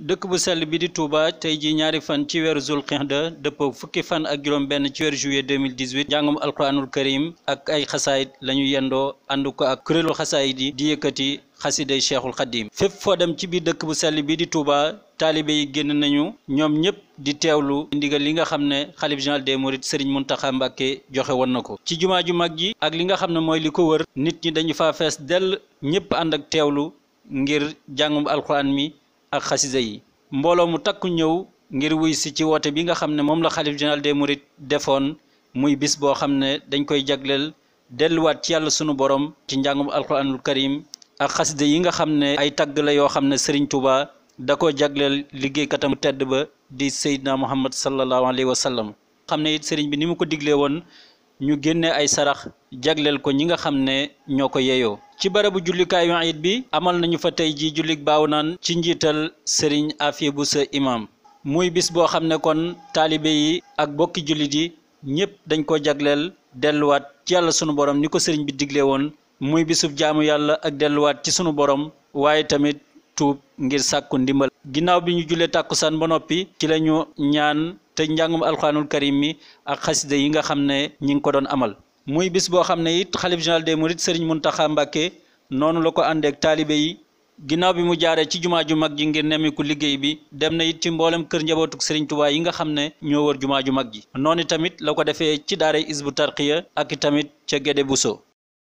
dëkk bu sell bi di Touba tey ji ñaari fan ci weeru Zulqinda dëppoo fukki fan ak juróom benn ci weeru juillet 2018 njàngum alquranul karim ak ay xasaayit lañu yendoo ànd ko ak kuréelu xasaayit yi di yëkkati xasiday cheikhul xadim fépp foo dem ci biir dëkk bu sell bi di Touba taalibe yi génn nañu ñoom ñëpp di teewlu ndigal li nga xam ne xalif général des mourides Serigne Mountakha Mbacké joxe woon na ko ci jumaa ju mag ji ak li nga xam ne mooy li ko wër nit ñi dañu faa fees dell ñëpp ànd ak teewlu ngir jàngum alquran mi ak xasida yi mbooloo mu takk ñëw ngir wuy si ci woote bi nga xam ne moom la xalif général des murit defoon muy bis boo xam ne dañ koy jagleel delluwaat ci yàlla sunu borom ci njàngum alquranul karim ak xaside yi nga xam ne ay tagg la yoo xam ne Serigne Touba da ko jagleel liggéeykatam tedd ba di Seydina Muhammad sallallahu alayhi wa sallam xam ne it Serigne bi ni mu ko diglee woon ñu génnee ay sarax jagleel ko ñi nga xam ne ñoo ko yeyoo ci barabu jullikaayu ayit bi amal nañu fa tey ji jullik baaw naan ci njiital sëriñ Afia Bousso imam muy bis boo xam ne kon taalibe yi ak bokki jullit yi ñëpp dañ ko jagleel delluwaat ci yàlla sunu borom ni ko sëriñ bi digle woon muy bisub jaamu yàlla ak delluwaat ci sunu borom waaye tamit tuub ngir sàkku ndimbal ginnaaw bi ñu jullee tàkkusaan ba noppi ci lañu ñaan te njàngum alxuraanul karim mi ak xasida yi nga xam ne ñi ngi ko doon amal muy bis boo xam ne it xalif général des mourides Serigne Mountakha Mbacké noonu la ko àndeek taalibe yi ginnaaw bi mu jaaree ci jumaa ju mag ji ngir nemmiku liggéey bi dem na it ci mboolem kër njabootuk Serigne Touba yi nga xam ne ñoo wër jumaa ju mag ji noonu tamit la ko defee ci daara Hizbut Tarqiyyah ak i tamit ca Guédé Bousso